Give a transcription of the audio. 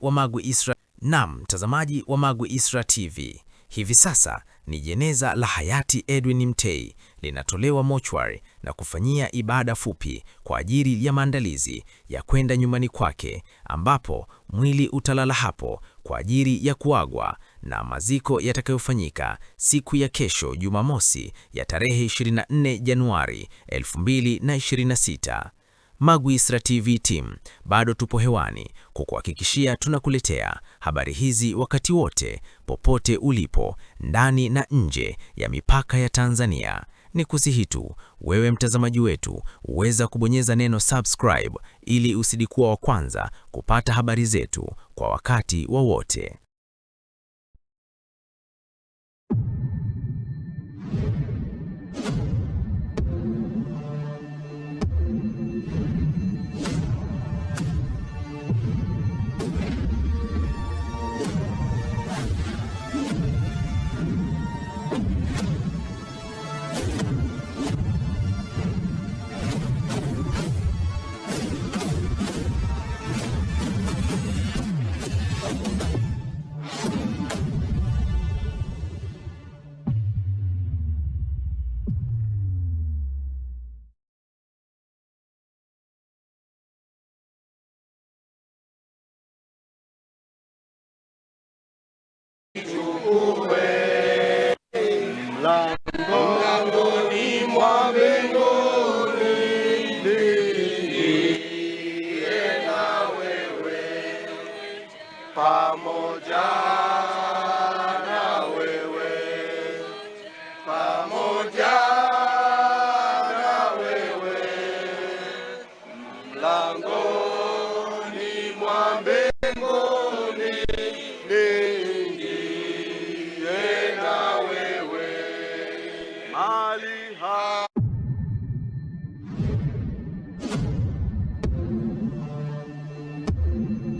Wa Magwe Isra. Naam, mtazamaji wa Magwe Isra TV, hivi sasa ni jeneza la hayati Edwin Mtei linatolewa mochwari na kufanyia ibada fupi kwa ajili ya maandalizi ya kwenda nyumbani kwake, ambapo mwili utalala hapo kwa ajili ya kuagwa na maziko yatakayofanyika siku ya kesho Jumamosi ya tarehe 24 Januari 2026. Magwisra TV Team bado tupo hewani kukuhakikishia tunakuletea habari hizi wakati wote, popote ulipo, ndani na nje ya mipaka ya Tanzania. Ni kusihi tu wewe mtazamaji wetu uweza kubonyeza neno subscribe ili usidikuwa wa kwanza kupata habari zetu kwa wakati wowote wa mlangoni mwa mbinguni niliye na wewe pamoja Lango. Hallelujah.